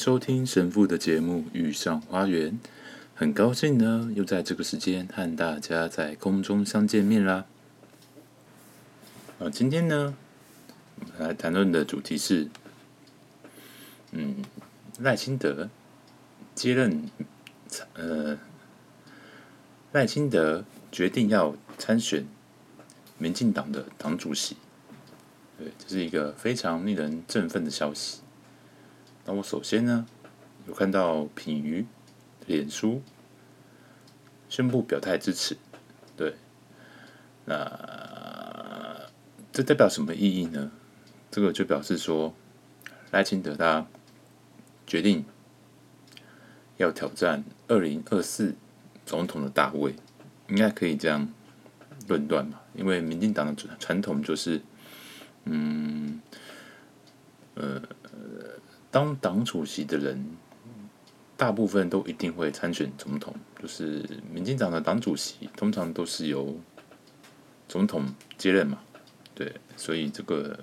收聽神父的節目《遇上花園》，很高興呢，又在這個時間和大家在空中相見面啦。啊，今天呢，我們來談論的主題是，嗯，賴清德接任，呃，賴清德決定要參選民進黨的黨主席，對，這是一個非常令人振奮的消息。我首先呢，有看到評語臉書宣布表態支持，對，那這代表什麼意義呢？這個就表示說，賴清德他決定要挑戰二零二四總統的大位，應該可以這樣論斷吧？因為民進黨的傳統就是，嗯，呃。當黨主席的人，大部分都一定會參選總統，就是民進黨的黨主席通常都是由總統接任嘛，對，所以這個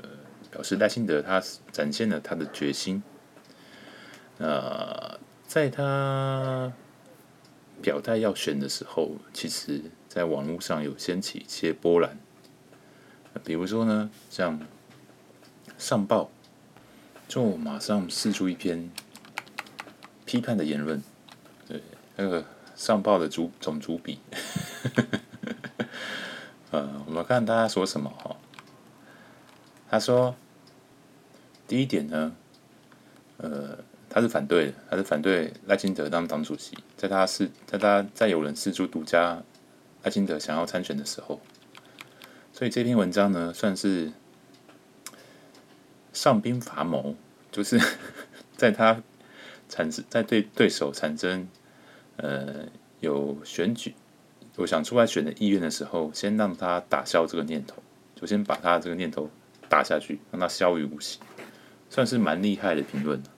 表示賴清德他展現了他的決心。呃，在他表態要選的時候，其實，在網絡上有掀起一些波瀾，比如說呢，像上報。就我馬上釋出，一篇批判的言論，對那個上報的主種族比呵呵呵呵，呃，我們看大家說什麼哈。他說第一點呢，呃，他是反對，他是反對賴清德當黨主席，在他是在他在有人釋出獨家賴清德想要參選的時候，所以這篇文章呢算是。上兵伐謀，就是 在他產生在對對手產生呃，有選舉有想出來選的意願的時候，先讓他打消這個念頭，就先把他這個念頭打下去，讓他消於無形，算是蠻厲害的評論啊。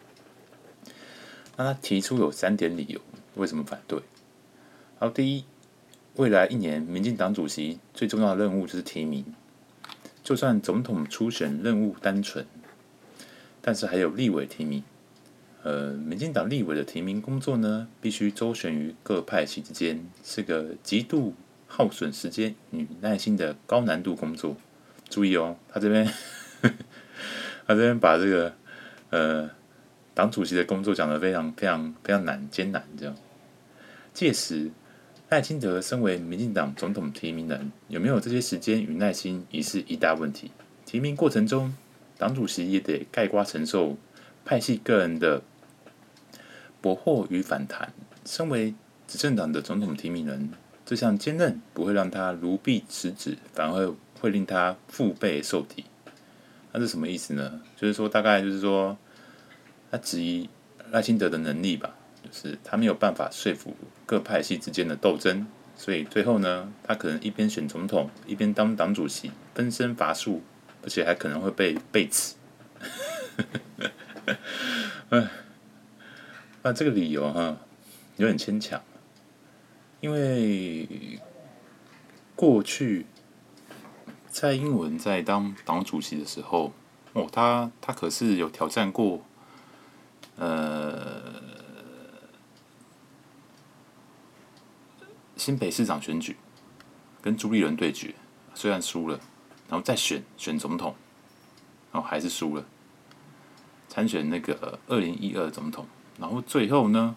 那他提出有三點理由，為什麼反對？好，第一，未來一年民進黨主席最重要的任務就是提名，就算總統初選任務單純。但是還有立委提名，呃，民進黨立委的提名工作呢，必須周旋於各派系之間，是個極度耗損時間與耐心的高難度工作。注意哦，他這邊，呵呵他這邊把這個呃黨主席的工作講得非常非常非常難艱難，這樣。屆時，賴清德身為民進黨總統提名人，有沒有這些時間與耐心，已是一大問題。提名過程中。黨主席也得概括承受派系個人的薄獲與反彈。身為執政黨的總統提名人，這項兼任不會讓他如臂使指，反而會，會令他腹背受敵。那、啊、是什麼意思呢？就是說，大概就是說，他質疑賴清德的能力吧，就是他沒有辦法說服各派系之間的鬥爭，所以最後呢，他可能一邊選總統，一邊當黨主席，分身乏術。而且還可能會被被刺，哎、 啊，那、啊、這個理由哈有點牽強，因為過去蔡英文在當黨主席的時候，哦，哦他他可是有挑戰過，呃，新北市長選舉跟朱立倫對決，雖然輸了。然後再選選總統，然後還是輸了。參選那個二零一二總統，然後最後呢，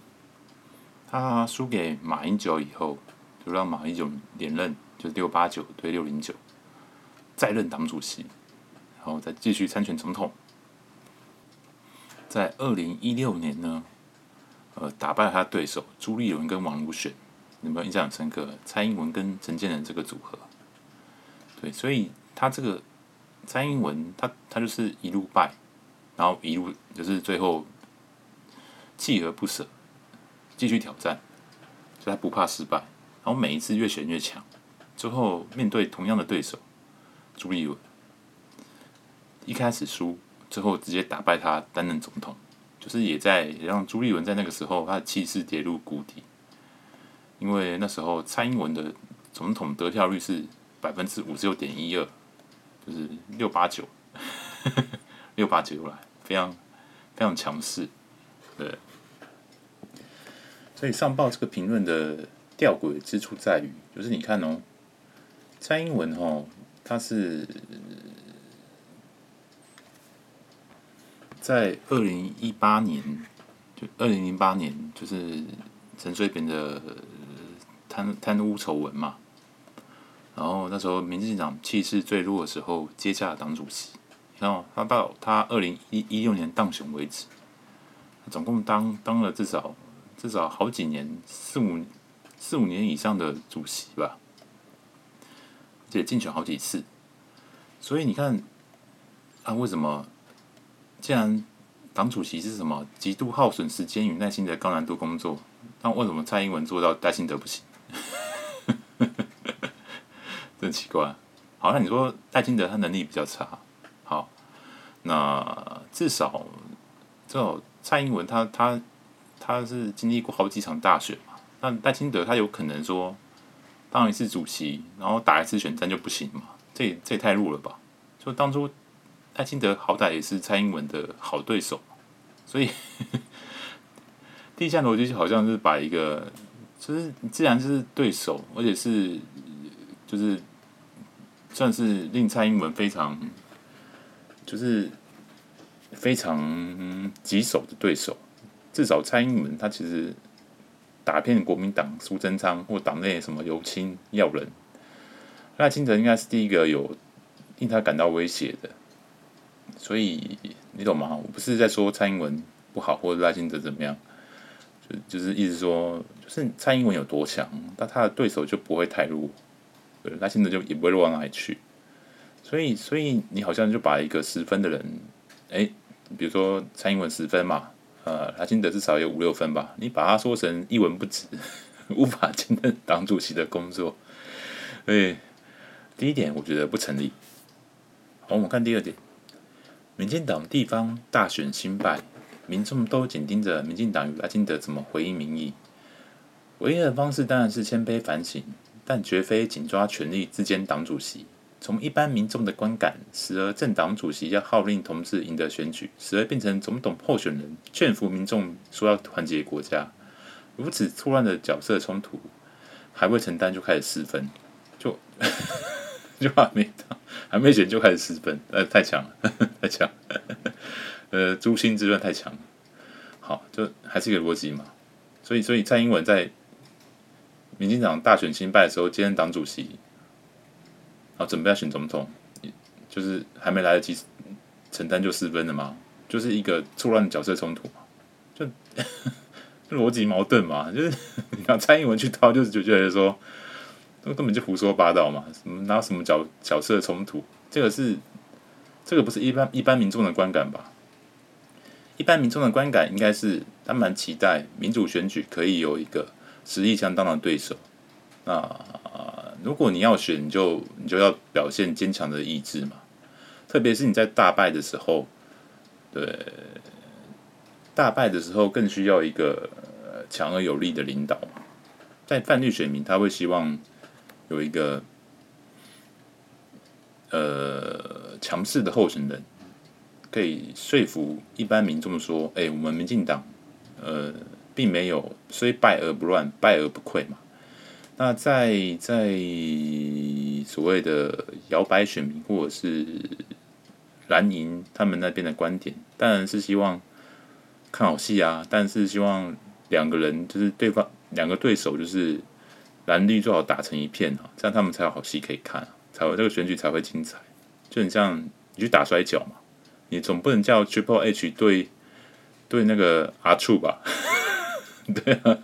他輸給馬英九以後，就讓馬英九連任，就是六八九對六零九，再任黨主席，然後再繼續參選總統。在二零一六年呢，呃，打敗他對手朱立倫跟王如玄，你們印象很深刻？蔡英文跟陳建仁這個組合，對，所以。他這個蔡英文他，他他就是一路敗，然後一路就是最後鍥而不捨，繼續挑戰，所以他不怕失敗。然後每一次越選越強，最後面對同樣的對手朱立倫，一開始輸，最後直接打敗他擔任總統，就是也在也讓朱立倫在那個時候他的氣勢跌入谷底，因為那時候蔡英文的總統得票率是百分之五十六點一二。就是六八九，六八九又來，非常非常強勢，對。所以上報這個評論的吊詭之處在於，就是你看哦，蔡英文哦，他是，在二零一八年，就二零零八年，就是陳水扁的貪貪污醜聞嘛。然後那時候，民進黨氣勢最弱的時候，接下了黨主席。然後他到他二零一一六年當選為止，總共當當了至少至少好幾年，四五四五年以上的主席吧，也競選好幾次。所以你看，啊，為什麼？既然黨主席是什麼極度耗損時間與耐心的高難度工作，那為什麼蔡英文做到，賴清德不行？很奇怪，好，那你說賴清德他能力比較差，好，那至少至少蔡英文他他他是經歷過好幾場大選嘛，那賴清德他有可能說當一次主席，然後打一次選戰就不行嘛？這這也太弱了吧？就當初賴清德好歹也是蔡英文的好對手，所以第一項邏輯好像是把一個，就是既然是對手，而且是就是。算是令蔡英文非常，就是非常棘手的對手。至少蔡英文他其實打遍國民黨蘇貞昌或黨內什麼游青要人，賴清德應該是第一個有令他感到威脅的。所以你懂嗎？我不是在說蔡英文不好，或者賴清德怎麼樣，就就是意思說，就是蔡英文有多強，但他的對手就不會太弱。對，賴清德就也不會往哪裡去，所以，所以你好像就把一個十分的人，誒、欸、比如說蔡英文十分嘛，呃，賴清德至少有五六分吧，你把它說成一文不值，呵呵，無法擔任黨主席的工作，所以第一點我覺得不成立。好，我們看第二點，民進黨地方大選興敗，民眾都緊盯着民進黨與賴清德怎麼回應民意，唯一的方式當然是謙卑反省。但絕非緊抓權力自兼黨主席。從一般民眾的觀感，時而政黨主席要號令同志贏得選舉，時而變成總統候選人勸服民眾說要團結國家。如此錯亂的角色衝突，還未承擔就開始私分，就 就還沒到還沒選就開始私分，呃，太強了， 呃、太強。呃，誅心之論太強了。好，就還是一個邏輯嘛。所以，所以蔡英文在。民進黨大選新敗的時候，兼任黨主席，然後準備要選總統，就是還沒來得及承擔就私奔了嘛，就是一個錯亂的角色衝突嘛，就邏輯 矛盾嘛，就是讓 蔡英文去套，就就，就覺得說，這根本就胡說八道嘛，什麼哪有什麼角角色衝突，這個是這個不是一般一般民眾的觀感吧？一般民眾的觀感應該是，他蠻期待民主選舉可以有一個。實力相當的對手，那、呃、如果你要選你就，就你就要表現堅強的意志嘛。特別是你在大敗的時候，對，大敗的時候更需要一個呃、強而有力的領導。在泛綠選民，他會希望有一個呃強勢的候選人，可以說服一般民眾說：“哎、欸，我們民進黨，呃。”並沒有，雖敗而不亂，敗而不潰嘛。那在在所謂的搖擺選民或者是藍營他們那邊的觀點，當然是希望看好戲啊。但是希望兩個人就是對方兩個對手，就是藍綠最好打成一片啊，這樣他們才有好戲可以看啊，才會這個選舉才會精彩。就很像你去打摔跤嘛，你總不能叫 Triple H 對對那個阿處吧？對啊，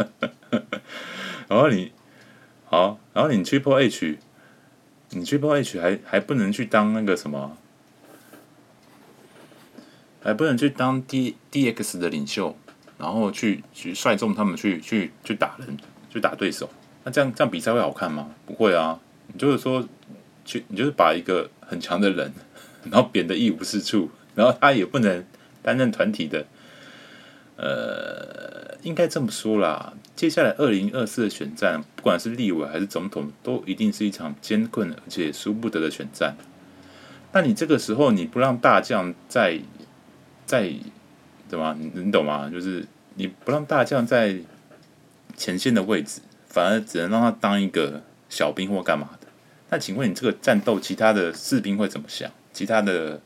然後你，好，然後你 Triple H，你 Triple H 還還不能去當那個什麼，還不能去當 D D X 的領袖，然後去去率眾他們去去去打人，去打對手，那這樣這樣比賽會好看嗎？不會啊，你就是說去，你就是把一個很強的人，然後貶得一無是處，然後他也不能擔任團體的，呃。應該這麼說啦。接下來二零二四的選戰，不管是立委還是總統，都一定是一場艱困而且輸不得的選戰。那你這個時候你不讓大將在在，怎麼、啊、你，你懂嗎？就是你不讓大將在前線的位置，反而只能讓他當一個小兵或幹嘛的。那請問你這個戰鬥，其他的士兵會怎麼想？其他的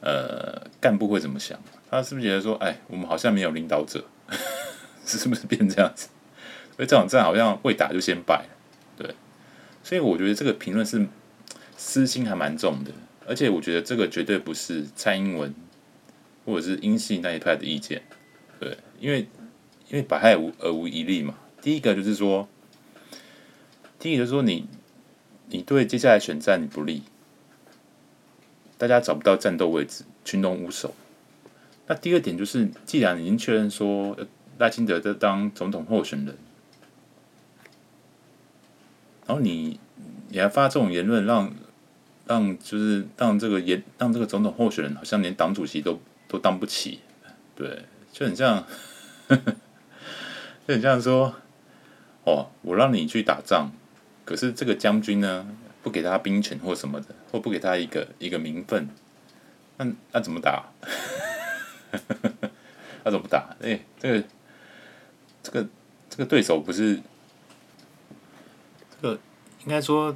呃幹部會怎麼想？他是不是覺得說，哎，我們好像沒有領導者？是不是變這樣子？所以這場仗好像未打就先敗，對。所以我覺得這個評論是私心還蠻重的，而且我覺得這個絕對不是蔡英文或者是英系那一派的意見，對。因為因為百害而無而無一利嘛。第一個就是說，第一個就是說你你對接下來選戰不利，大家找不到戰鬥位置，群龍無首。那第二點就是，既然已經確認說。賴清德在當總統候選人，然後你你還發這種言論，讓讓就是讓這個也讓這個總統候選人好像連黨主席都都當不起，對，就很像呵呵就很像說，哦，我讓你去打仗，可是這個將軍呢，不給他兵權或什麼的，或不給他一個一個名分，那那怎麼打？那怎麼打？哎，這個。這個這個對手不是這個，應該說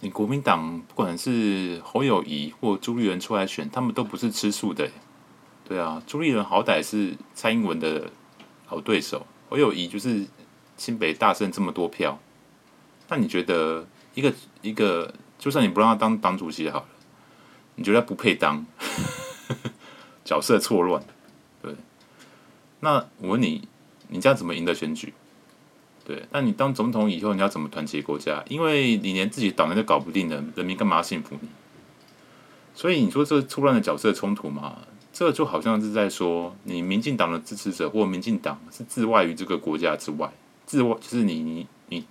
你國民黨不管是侯友宜或朱立倫出來選，他們都不是吃素的。對啊，朱立倫好歹是蔡英文的好對手，侯友宜就是新北大勝這麼多票。那你覺得一個一個，就算你不讓他當黨主席好了，你覺得他不配當？ 角色錯亂，對。那我問你。你這樣怎麼贏得選舉？對，那你當總統以後，你要怎麼團結國家？因為你連自己黨人都搞不定的，人民幹嘛要信服你？所以你說這出亂的角色衝突嘛，這就好像是在說你民進黨的支持者或民進黨是自外於這個國家之外，自外就是你你你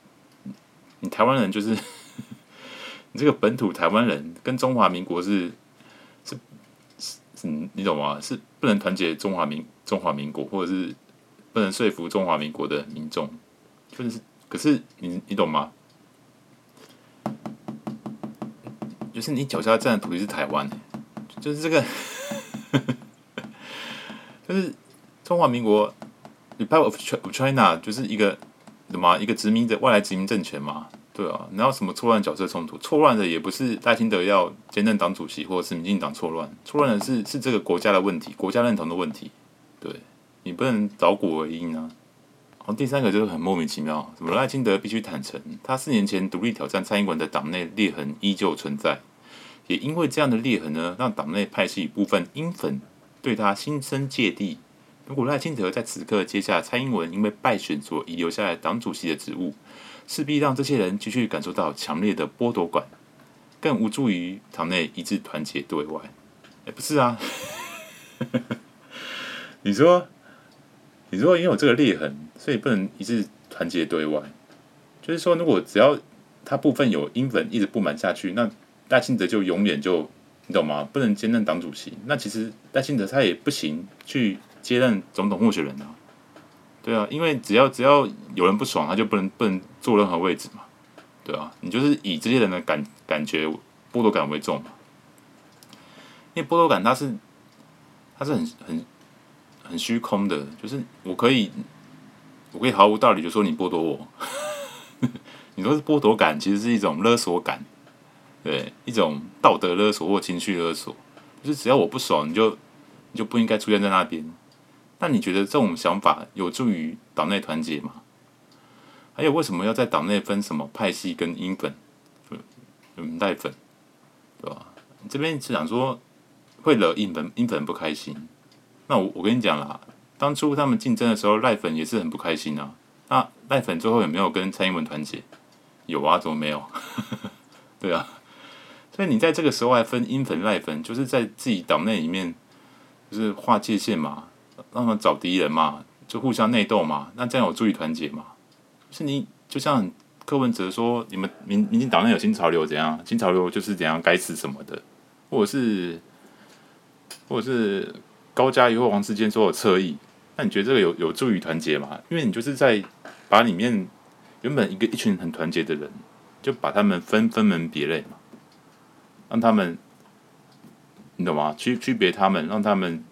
你台灣人就是 你這個本土台灣人跟中華民國是是是，是你懂嗎？是不能團結中華民中華民國或者是。不能說服中華民國的民眾，就是可是你你懂嗎？就是你腳下站的土地是台灣，就是這個， 就是中華民國 Republic of China 就是一個什麼一個殖民的外來殖民政權嘛？對啊，然後什麼錯亂角色衝突？錯亂的也不是賴清德要兼任黨主席，或者是民進黨錯亂，錯亂的是是這個國家的問題，國家認同的問題，對。你不能找苦而已呢。好，第三個就是很莫名其妙，什麼賴清德必須坦誠，他四年前獨立挑戰蔡英文的黨內裂痕依舊存在，也因為這樣的裂痕呢，讓黨內派系部分英粉對他心生芥蒂。如果賴清德在此刻接下蔡英文因為敗選所遺留下來黨主席的職務，勢必讓這些人繼續感受到強烈的剝奪感，更無助於黨內一致團結對外。哎、欸，不是啊，你說？你如果因為有這個裂痕，所以不能一直團結對外，就是說，如果只要他部分有英粉一直不滿下去，那賴清德就永遠就，你懂嗎？不能兼任黨主席，那其實賴清德他也不行去接任總統候選人啊。對啊，因為只要只要有人不爽，他就不能不能坐任何位置嘛。對啊，你就是以這些人的感感覺剝奪感為重嘛。因為剝奪感他是，它是它是很很。很虛空的，就是我可以，我可以毫無道理就說你剝奪我。 你說是剝奪感，其實是一種勒索感，對，一種道德勒索或情緒勒索。就是只要我不爽，你就你就不應該出現在那邊。那你覺得這種想法有助於黨內團結嗎？還有，為什麼要在黨內分什麼派系跟英粉、嗯，賴粉，對吧？這邊是想說會惹英粉英粉不開心。那我我跟你講啦，當初他們競爭的時候，賴粉也是很不開心啊。那賴粉最後有沒有跟蔡英文團結？有啊，怎麼沒有？ 對啊，所以你在這個時候還分英粉、賴粉，就是在自己黨內裡面就是劃界限嘛，讓他們找敵人嘛，就互相內鬥嘛。那這樣有助於團結嘛？就是你，你就像柯文哲說，你們民民進黨內有新潮流怎樣？新潮流就是怎樣該死什麼的，或者是，或者是。高嘉瑜或王世堅做有側翼，那你覺得這個有有助於團結嗎？因為你就是在把裡面原本一個一群很團結的人，就把他們分分門別類嘛，讓他們你懂嗎？區區別他們，讓他們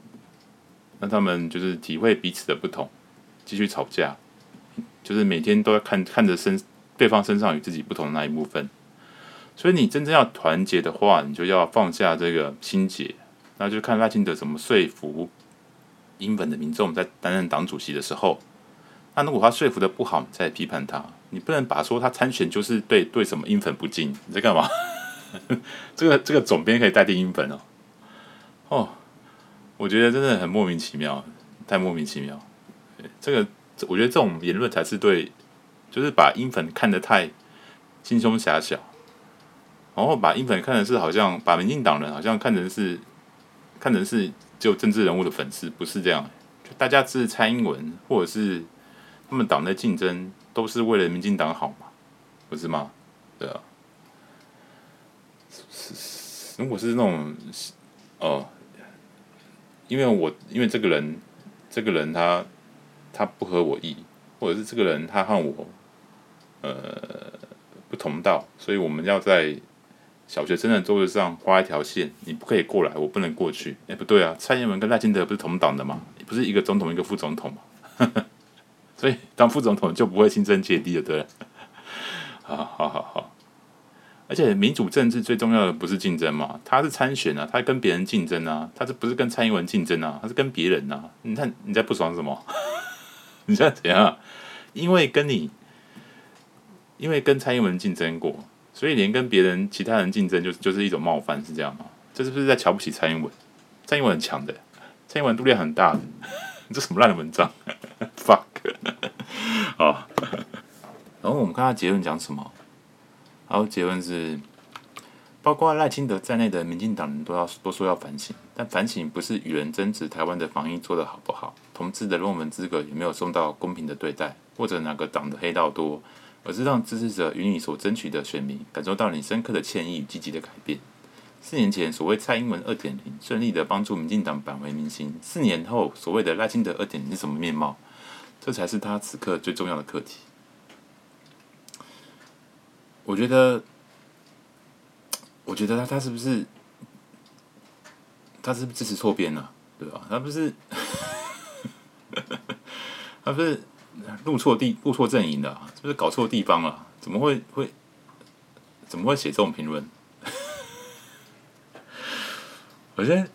讓他們就是體會彼此的不同，繼續吵架，就是每天都要看看着身對方身上與自己不同的那一部分。所以你真正要團結的話，你就要放下這個心結。那就看賴清德怎麼說服英粉的民眾，在擔任黨主席的時候，那如果他說服的不好，你再批判他。你不能把他說他參選就是對對什麼英粉不敬，你在幹嘛、 這個？這個這個總編可以代替英粉哦。哦，我覺得真的很莫名其妙，太莫名其妙。這個我覺得這種言論才是對，就是把英粉看得太心胸狹小，然後把英粉看成是好像把民進黨人好像看成是。看成是就政治人物的粉絲，不是這樣。就大家支持蔡英文，或者是他們黨內競爭，都是為了民進黨好嘛，不是嗎？對啊。如果是那種，哦、呃，因為我因為這個人，這個人他他不合我意，或者是這個人他和我呃不同道，所以我們要在。小學生的座位上畫一條線，你不可以過來，我不能過去。哎、欸，不對啊，蔡英文跟賴清德不是同黨的嘛？不是一個總統，一個副總統嗎 所以當副總統就不會心生芥蒂了，對了？ 好，好好好，而且民主政治最重要的不是競爭嘛？他是參選啊，他跟別人競爭啊，他這不是跟蔡英文競爭啊，他是跟別人啊。你看你在不爽什麼？ 你在怎樣？因為跟你，因為跟蔡英文競爭過。所以連跟別人其他人競爭，就就是一種冒犯，是這樣嗎？這是不是在瞧不起蔡英文？蔡英文很強的，蔡英文度量很大的。 你這什麼爛文章？Fuck！ 好。然後我們看下結論講什麼。然後結論是，包括賴清德在內的民進黨人都要都說要反省，但反省不是與人爭執台灣的防疫做得好不好，同志的論文資格有沒有受到公平的對待，或者哪個黨的黑道多，而是讓支持者與你所爭取的選民感受到你深刻的歉意與積極的改變。四年前所謂蔡英文二點零順利的幫助民進黨挽回民心，四年後所謂的賴清德二點零是什麼面貌？這才是他此刻最重要的課題。我覺得，我覺得他他是不是，他是不是支持錯邊了？對吧？他不是， 他不是。入錯地、入錯陣營了、啊，是不是搞錯地方了、啊？怎麼會會怎麼會寫這種評論？ 我覺得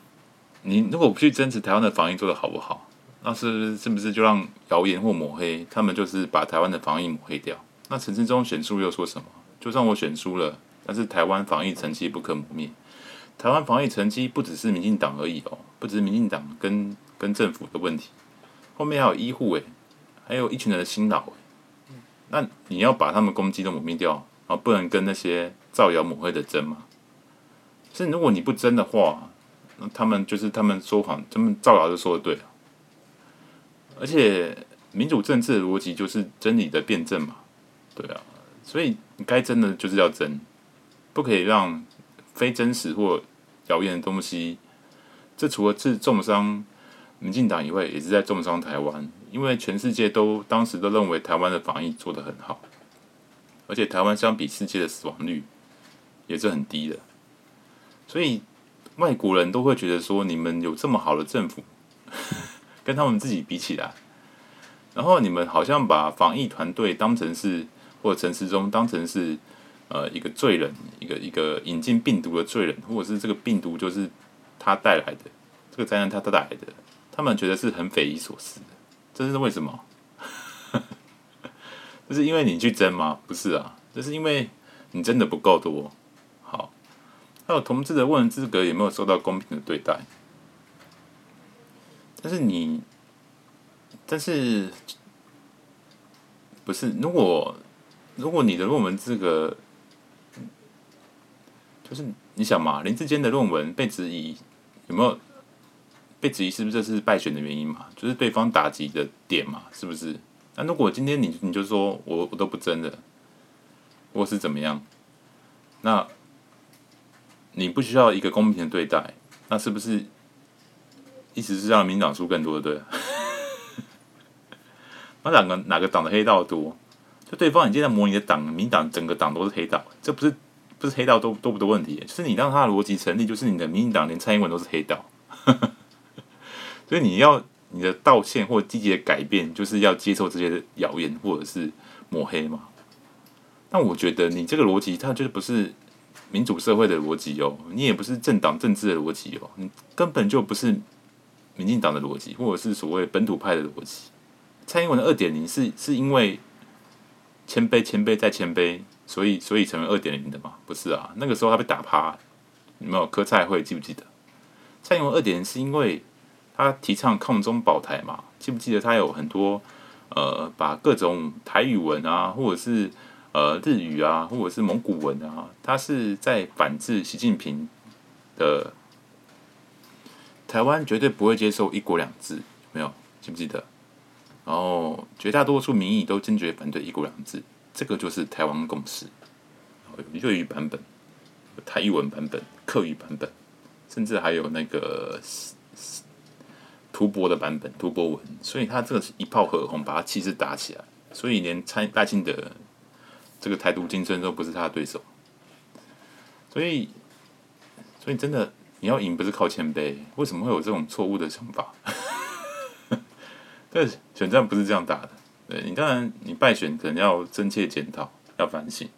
你如果不去爭執台灣的防疫做得好不好，那是，不是是不是就讓謠言或抹黑他們就是把台灣的防疫抹黑掉？那陳時中選輸又說什麼？就算我選輸了，但是台灣防疫成績不可磨滅。台灣防疫成績不只是民進黨而已哦，不只是民進黨跟跟政府的問題，後面還有醫護誒、欸。還有一群人的辛勞、欸，那你要把他們攻擊都抹滅掉而、啊、不能跟那些造謠抹黑的爭嘛？其實如果你不爭的話，那他們就是他們說謊，他們造謠就說的對、啊。而且民主政治的邏輯就是真理的辯證嘛，對啊，所以該爭的就是要爭，不可以讓非真實或謠言的東西。這除了是重傷民進黨以外，也是在重傷台灣。因為全世界都當時都認為台灣的防疫做得很好，而且台灣相比世界的死亡率也是很低的，所以外國人都會覺得說，你們有這麼好的政府， 跟他們自己比起來，然後你們好像把防疫團隊當成是或者城市中當成是呃一個罪人，一個一個引進病毒的罪人，或者是這個病毒就是他帶來的這個災難，他帶來的，他們覺得是很匪夷所思的。這是為什麼？ 這是因為你去爭嗎？不是啊，這是因為你爭的不夠多。好，還有同志的論文資格有沒有受到公平的對待？但是你，但是不是？如果如果你的論文資格，就是你想嘛，林志堅的論文被質疑，有沒有？被質疑是不是這是敗選的原因嘛？就是對方打擊的點嘛？是不是？那、啊、如果今天你你就說我我都不爭的，或是怎麼樣？那你不需要一個公平的對待，那是不是一直是讓民黨輸更多的對？對，那哪個哪個黨的黑道多？就對方你現在模擬的黨，民黨整個黨都是黑道，這不是不是黑道多多不多問題，就是你讓他的邏輯成立，就是你的民進黨連蔡英文都是黑道。 所以你要你的道歉或積極的改變，就是要接受這些謠言或者是抹黑嘛？那我覺得你這個邏輯，它就是不是民主社會的邏輯哦，你也不是政黨政治的邏輯哦，你根本就不是民進黨的邏輯，或者是所謂本土派的邏輯。蔡英文的二點零是是因為謙卑、謙卑再謙卑，所以所以成為二點零的嘛？不是啊，那個時候他被打趴，有沒有柯蔡會記不記得？蔡英文二點零是因為。他提倡抗中保台嘛，記不記得他有很多呃，把各種台語文啊，或者是呃日語啊，或者是蒙古文啊，他是在反制習近平的。台灣絕對不會接受一國兩制，沒有，記不記得？然後絕大多數民意都堅決反對一國兩制，這個就是台灣共識。有粵語版本、有台語文版本、客語版本，甚至還有那個。塗博的版本，塗博文，所以他這個一炮而紅，把他氣勢打起來，所以連蔡賴清德這個台獨精神都不是他的對手，所以，所以真的你要贏不是靠謙卑，為什麼會有這種錯誤的想法？ 對，選戰不是這樣打的。對你當然你敗選可能要真切檢討，要反省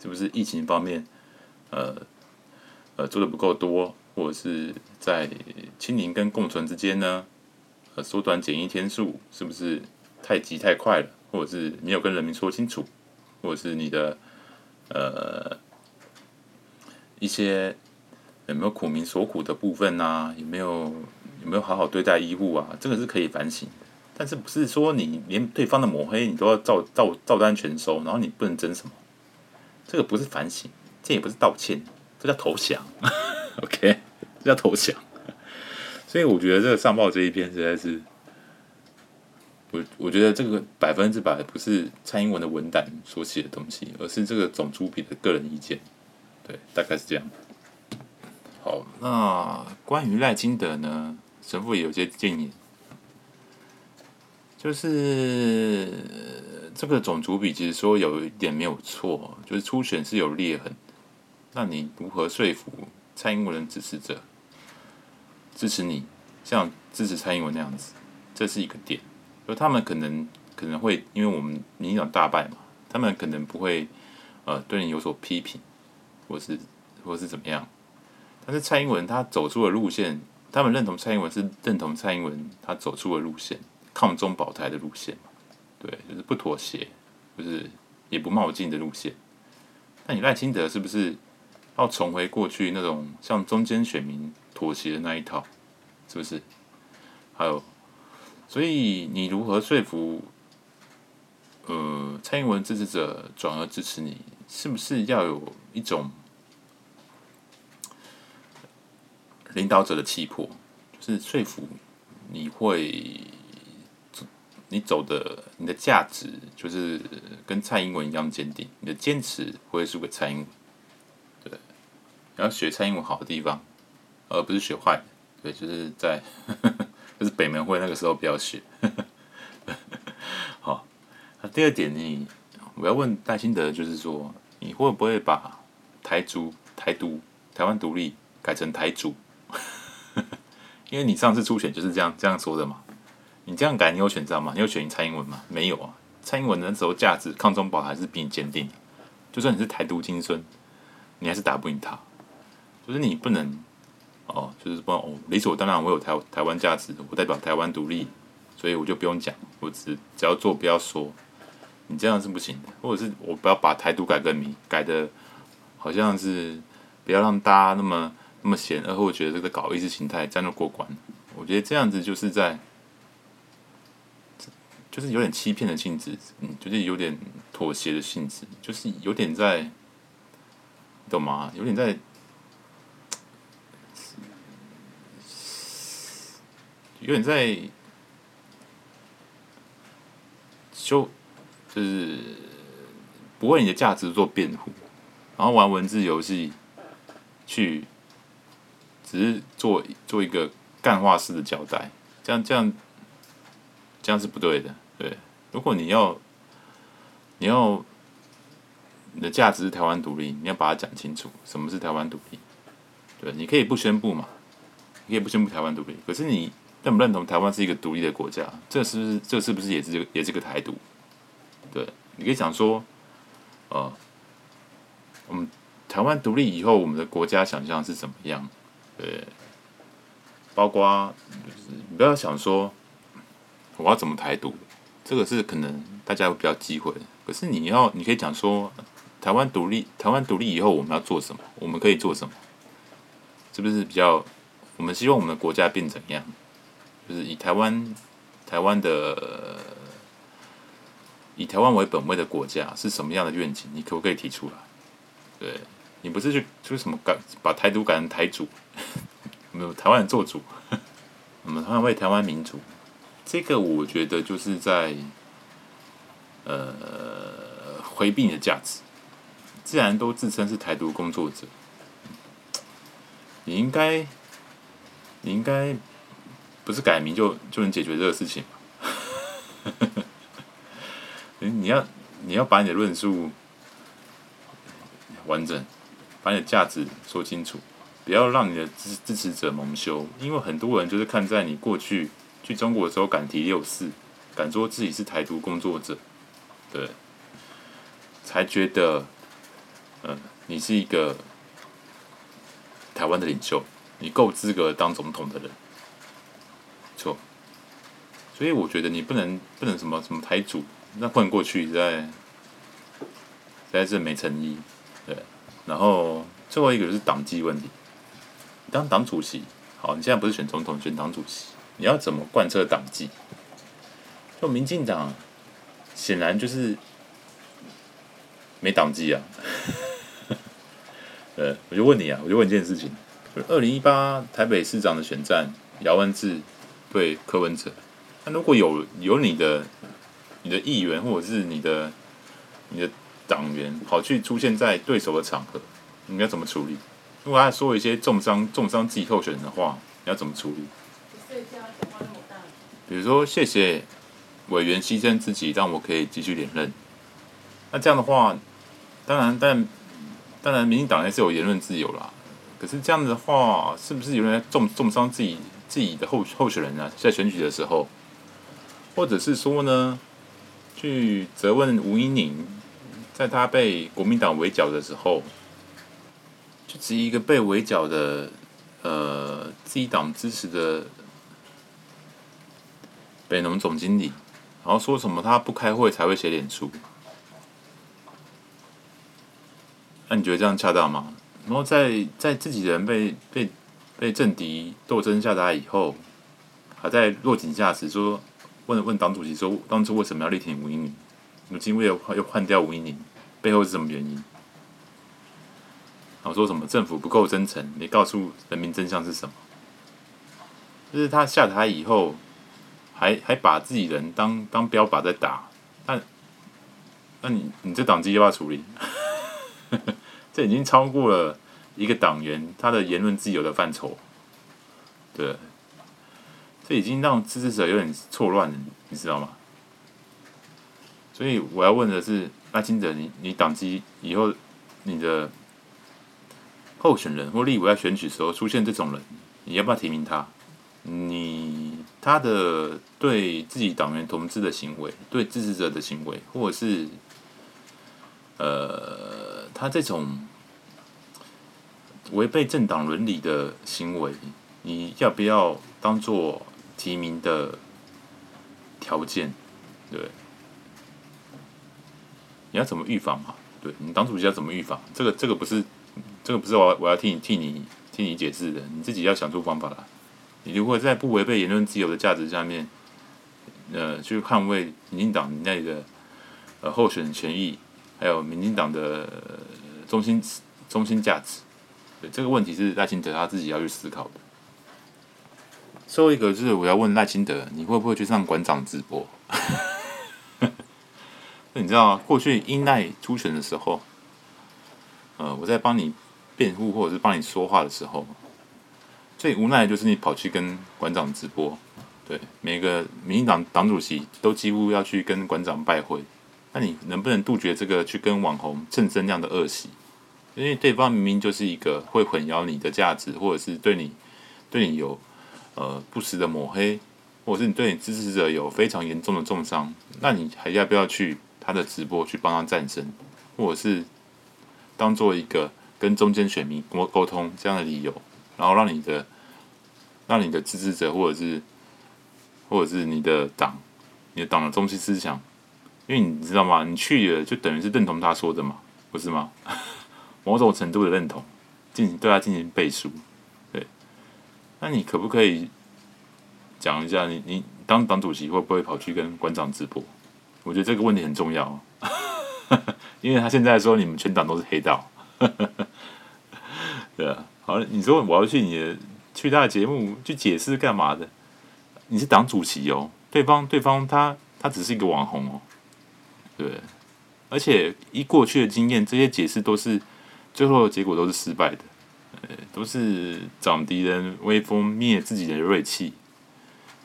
是不是疫情方面，呃，呃做的不夠多，或者是在清零跟共存之間呢？呃，縮短檢疫天數是不是太急太快了？或者是沒有跟人民說清楚？或者是你的呃一些有沒有苦民所苦的部分啊，有沒有有沒有好好對待醫護啊？這個是可以反省，但是不是說你連對方的抹黑你都要照照照單全收，然後你不能爭什麼？這個不是反省，這也不是道歉，這叫投降。 OK，這叫投降。所以我覺得這個上報這一篇實在是我，我我覺得這個百分之百不是蔡英文的文膽所寫的東西，而是這個總主筆的個人意見，對，大概是這樣。好，那關於賴清德呢？神父也有些建議，就是這個總主筆其實說有一點沒有錯，就是初選是有裂痕，那你如何說服蔡英文的支持者？支持你，像支持蔡英文那樣子，這是一個點。就他們可能可能會，因為我們民進黨大敗嘛，他們可能不會，呃，對你有所批評，或是或是怎麼樣。但是蔡英文他走出的路線，他們認同蔡英文是認同蔡英文他走出的路線，抗中保台的路線嘛，對，就是不妥協，就是也不冒進的路線。那你賴清德是不是要重回過去那種像中間選民，國旗的那一套，是不是？還有，所以你如何說服呃，蔡英文支持者轉而支持你？是不是要有一種領導者的氣魄，就是說服你會你走的你的價值，就是跟蔡英文一樣堅定，你的堅持不會輸給蔡英文，對，然後學蔡英文好的地方，而不是學壞，對，就是在， 就是北門會那個時候不要學。 好，那、啊、第二點呢？我要問賴清德，就是說你會不會把台獨、台獨、台灣獨立改成台主？ 因為你上次初選就是這樣這樣說的嘛。你這樣改，你有選上嗎？你有選你蔡英文嗎？沒有啊。蔡英文那時候價值抗中保台還是比你堅定，就算你是台獨金孫，你還是打不贏他。就是你不能。哦，就是說哦，理所當然我有台台灣價值，我代表台灣獨立，所以我就不用講，我只只要做不要說。你這樣是不行的，或者是我不要把台獨改個名，改得好像是不要讓大家那麼那麼嫌惡，而我覺得這個搞意識形態這樣的過關。我覺得這樣子就是在，就是有點欺騙的性質，嗯，就是有點妥協的性質，就是有點在，你懂嗎？有點在。有點在，修，就是不為你的價值做辯護，然後玩文字遊戲，去只是做做一個幹話式的交代，這樣這樣這樣是不對的。對，如果你要你要你的價值是台灣獨立，你要把它講清楚，什麼是台灣獨立？對，你可以不宣布嘛，你可以不宣布台灣獨立，可是你。認不認同台灣是一個獨立的國家？這是不是這是不是也是個也是一個台獨？對，你可以講說，啊、呃，我們台灣獨立以後，我們的國家想象是怎麼樣？對，包括、就是、不要想說我要怎麼台獨，這個是可能大家會比較忌諱。可是你要你可以講說，台灣獨立台灣獨立以後，我們要做什麼？我們可以做什麼？是不是比較我們希望我們的國家變怎樣？就是以台灣、台灣的，以台灣為本位的國家是什麼樣的願景？你可不可以提出來？對，你不是去出什麼改把台獨改成台主，沒有台灣人做主，呵呵我們捍衛台灣民主。這個我覺得就是在呃迴避你的價值，既然都自稱是台獨工作者。你應該，你應該。不是改名就就能解決這個事情嗎？ 你，你要你要把你的論述完整，把你的價值說清楚，不要讓你的支支持者蒙羞，因為很多人就是看在你過去去中國的時候敢提六四，敢說自己是台獨工作者，對，才覺得，嗯、呃，你是一個台灣的領袖，你夠資格當總統的人。所以我覺得你不能不能什麼什麼台主，那混過去實在，實在是沒誠意。對，然後最後一個就是黨紀問題。你當黨主席，好，你現在不是選總統，選黨主席，你要怎麼貫徹黨紀？就民進黨顯然就是沒黨紀啊。呃， 我就問你啊，我就問一件事情：二零一八台北市長的選戰，姚文智對柯文哲。那如果有有你的你的議員或者是你的你的黨員跑去出現在對手的場合，你要怎麼處理？如果他說一些重傷重傷自己候選人的話，你要怎麼處理？比如說，謝謝委員犧牲自己，讓我可以繼續連任。那這樣的話，當然，但當然，民進黨還是有言論自由啦。可是這樣子的話，是不是有人來重重傷自己自己的候候選人啊？在選舉的時候。或者是說呢，去責問吳音寧，在他被國民黨圍剿的時候，就只是一個被圍剿的呃，自己黨支持的北農總經理，然後說什麼他不開會才會寫臉書。那、啊、你覺得這樣恰當嗎？然後在在自己人被被被政敵鬥爭下來以後，還在落井下石說。問了問黨主席說，當初為什麼要力挺吳音寧？如今為了又換掉吳音寧，背後是什麼原因？他、啊、說什麼政府不夠真誠，沒告訴人民真相是什麼？就是他下台以後，還還把自己人當當標靶在打，那、啊、那、啊、你你這黨籍要不要處理， 這已經超過了一個黨員他的言論自由的範疇，對。這已經讓支持者有點錯亂了，你知道嗎？所以我要問的是，賴清德，你你黨籍以後，你的候選人或立委在選舉時候出現這種人，你要不要提名他？你他的對自己黨員同志的行為，對支持者的行為，或者是呃，他這種違背政黨倫理的行為，你要不要當做？提名的條件，對，你要怎麼預防嘛？對，你當主席要怎麼預防？這個這個不是這個不是我要我要替你替你替你解釋的，你自己要想出方法來，你如果在不違背言論自由的價值下面，呃，去捍衛民進黨內的呃候選權益，還有民進黨的中心中心價值，對，這個問題是賴清德他自己要去思考的。最後一個就是我要問賴清德，你會不會去上館長直播？那 你知道嗎？過去英賴出拳的時候，呃，我在幫你辯護或者是幫你說話的時候，最無奈的就是你跑去跟館長直播。對，每個民進黨黨主席都幾乎要去跟館長拜會。那你能不能杜絕這個去跟網紅蹭聲量的惡習？因為對方明明就是一個會混淆你的價值，或者是對你對你有。呃，不時的抹黑，或者是你對你支持者有非常嚴重的中傷，那你還要不要去他的直播去幫他戰勝？或者是當做一個跟中間選民溝溝通這樣的理由，然後讓你的讓你的支持者或者是或者是你的黨，你的黨的中心思想，因為你知道嗎？你去了就等於是認同他說的嘛，不是嗎？ 某種程度的認同，進行對他進行背書。那你可不可以講一下你，你你當黨主席會不會跑去跟館長直播？我覺得這個問題很重要哦， 因為他現在說你們全黨都是黑道， 對啊，好了，你說我要去你的去他的節目去解釋幹嘛的？你是黨主席哦，對方對方他他只是一個網紅哦，對，而且以過去的經驗，這些解釋都是最後的結果都是失敗的。都是長敵人威風，滅自己的銳氣。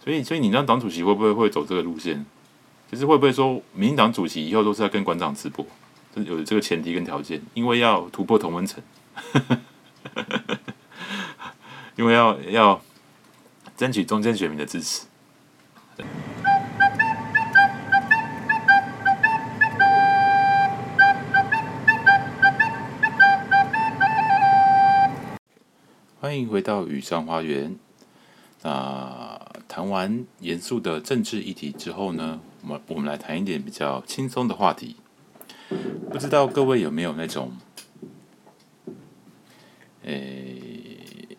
所以，所以你讓黨主席會不會會走這個路線？就是會不會說，民進黨主席以後都是要跟館長直播？有這個前提跟條件，因為要突破同溫層， 因為要要爭取中間選民的支持。歡迎回到雨上花園。那談完嚴肅的政治議題之後呢，我們我們來談一點比較輕鬆的話題。不知道各位有沒有那種，誒、欸，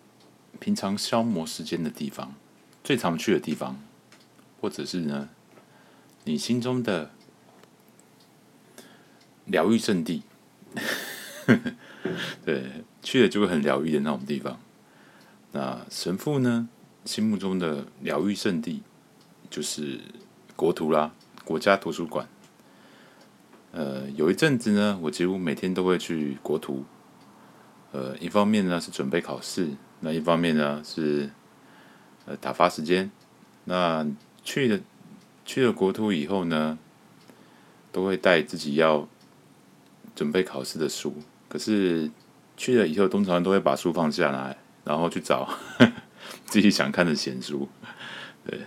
平常消磨時間的地方，最常去的地方，或者是呢，你心中的療癒聖地？ 對，去了就會很療癒的那種地方。那神父呢？心目中的療癒聖地就是國圖啦，國家圖書館。呃，有一陣子呢，我幾乎每天都會去國圖。呃，一方面呢是準備考試，那一方面呢是呃打發時間。那去了去了國圖以後呢，都會帶自己要準備考試的書。可是去了以後，通常都會把書放下來。然後去找，呵呵，自己想看的閒書，對，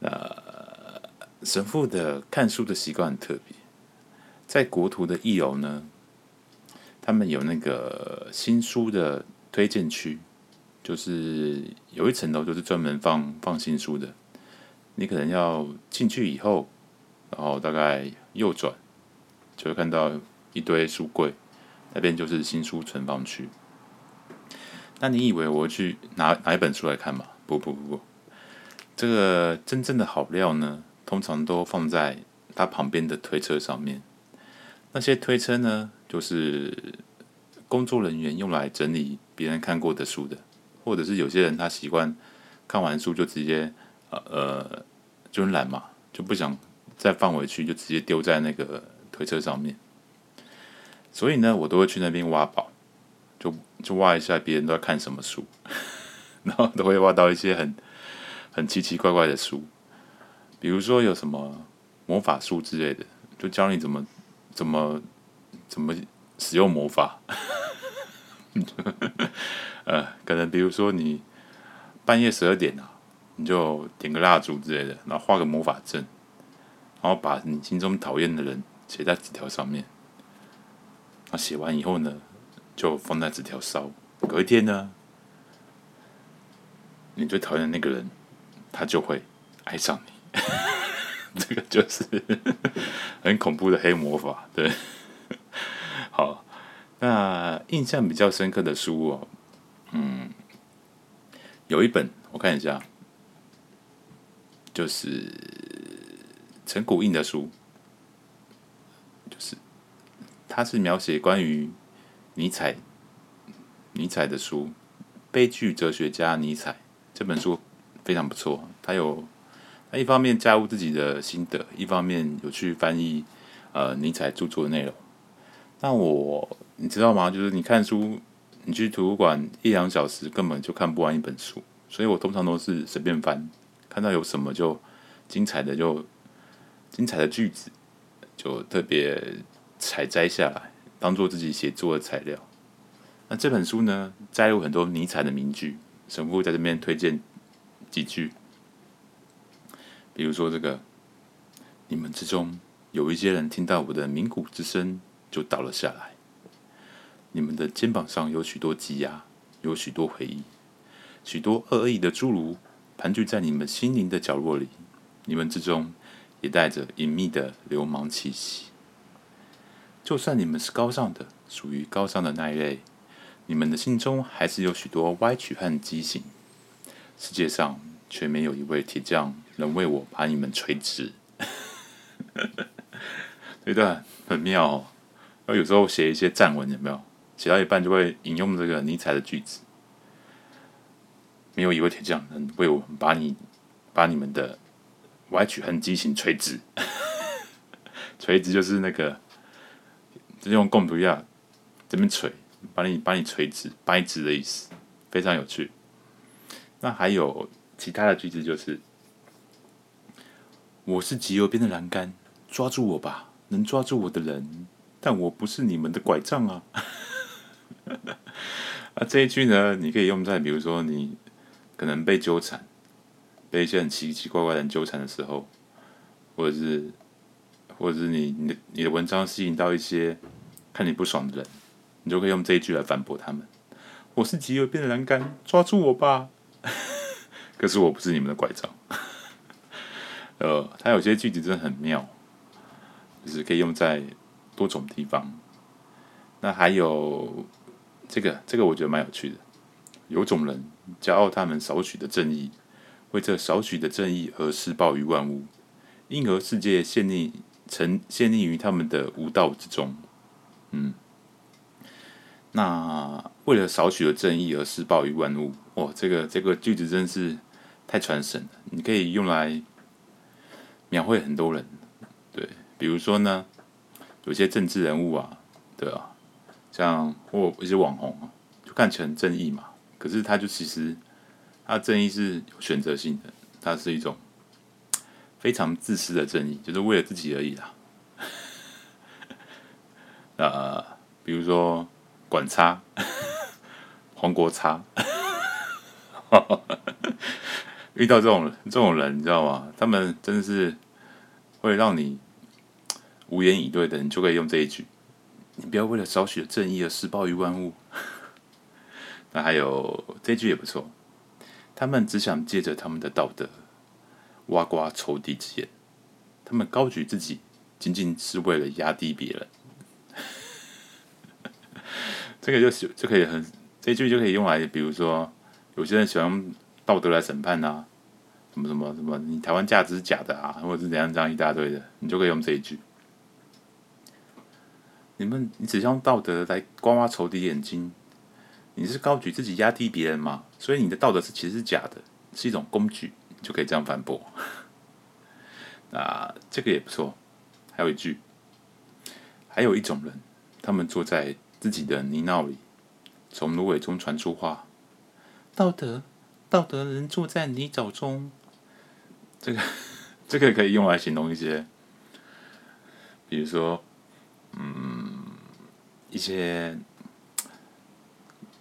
呃，神父的看書的習慣很特別，在國圖的一樓呢，他們有那個新書的推薦區，就是有一層樓就是專門放放新書的，你可能要進去以後，然後大概右轉，就會看到一堆書櫃，那邊就是新書存放區。那你以為我會去拿哪一本書來看嗎？不不不不，這個真正的好料呢，通常都放在它旁邊的推車上面。那些推車呢，就是工作人員用來整理別人看過的書的，或者是有些人他習慣看完書就直接呃呃，就懶嘛，就不想再放回去，就直接丟在那個推車上面。所以呢，我都會去那邊挖寶。就就挖一下，別人都在看什麼書，然後都會挖到一些很很奇奇怪怪的書，比如說有什麼魔法書之類的，就教你怎麼怎麼怎麼使用魔法。 呃，可能比如說你半夜十二點啊，你就點個蠟燭之類的，然後畫個魔法陣，然後把你心中討厭的人寫在紙條上面，那寫完以後呢？就放在紙條燒，隔一天呢，你最討厭的那個人，他就會愛上你。 這個就是很恐怖的黑魔法。對，好，那印象比較深刻的書哦，嗯，有一本我看一下，就是陳古印的書，就是他是描寫關於。尼采，尼采的書，《悲劇哲學家尼采》這本書非常不錯。他有他一方面加入自己的心得，一方面有去翻譯呃尼采著作的內容。那我你知道嗎？就是你看書，你去圖書館一兩小時根本就看不完一本書，所以我通常都是隨便翻，看到有什麼就精彩的就精彩的句子就特別採摘下來。當做自己寫作的材料。那這本書呢，載有很多尼采的名句。神父在這邊推薦幾句，比如說這個：你們之中有一些人聽到我的鳴鼓之聲就倒了下來。你們的肩膀上有許多擠壓，有許多回憶，許多惡意的侏儒盤踞在你們心靈的角落裡。你們之中也帶着隱秘的流氓氣息。就算你們是高尚的，屬於高尚的那一類，你們的心中還是有許多歪曲和畸形。世界上卻沒有一位鐵匠能為我把你們錘直。哈 哈，這段很妙哦。那有時候寫一些戰文有沒有？寫到一半就會引用這個尼采的句子，沒有一位鐵匠能為我把你把你們的歪曲和畸形錘直。 錘直就是那個。直接用貢布亞這邊錘，把你把你錘直掰直的意思，非常有趣。那還有其他的句子就是：“我是極右邊的欄杆，抓住我吧，能抓住我的人，但我不是你們的拐杖啊。”啊，這一句呢，你可以用在比如說你可能被糾纏，被一些很奇奇怪怪的人糾纏的時候，或者是。或者是你、你的、你的文章吸引到一些看你不爽的人，你就可以用這一句來反駁他們：“我是極惡變的欄杆，抓住我吧。 ”可是我不是你們的拐杖。 呃，他有些句子真的很妙，就是可以用在多種地方。那還有這個，這個我覺得蠻有趣的。有種人驕傲他們少許的正義，為這少許的正義而施暴於萬物，因而世界陷溺。沉陷溺於他們的無道之中，嗯，那為了少許的正義而施暴於萬物，哦，這個這個句子真是太傳神了，你可以用來描繪很多人，對，比如說呢，有些政治人物啊，對啊，像或有一些網紅啊，就看起來很正義嘛，可是他就其實他正義是有選擇性的，他是一種。非常自私的正義，就是為了自己而已啦。 呃，比如說管差、黃國差 X, 遇到這種這種人，你知道嗎？他們真的是會讓你無言以對的，你就可以用這一句：你不要為了少許的正義而施暴於萬物。 那還有這一句也不錯，他們只想借着他們的道德。挖瓜仇敵之眼，他們高舉自己，僅僅是為了壓低別人。 這個就就可以很這一句就可以用來，比如說有些人喜歡用道德來審判啊，什麼什麼什麼，你台灣價值是假的啊，或者是怎樣這樣一大堆的，你就可以用這一句。你們你只用道德來刮挖仇敵眼睛，你是高舉自己壓低別人嗎？所以你的道德是其實是假的，是一種工具。就可以這樣反駁。 那這個也不錯。還有一句，還有一種人，他們坐在自己的泥淖裡，從蘆葦中傳出話：“道德，道德人坐在泥沼中。”這個，這個可以用來形容一些，比如說，嗯，一些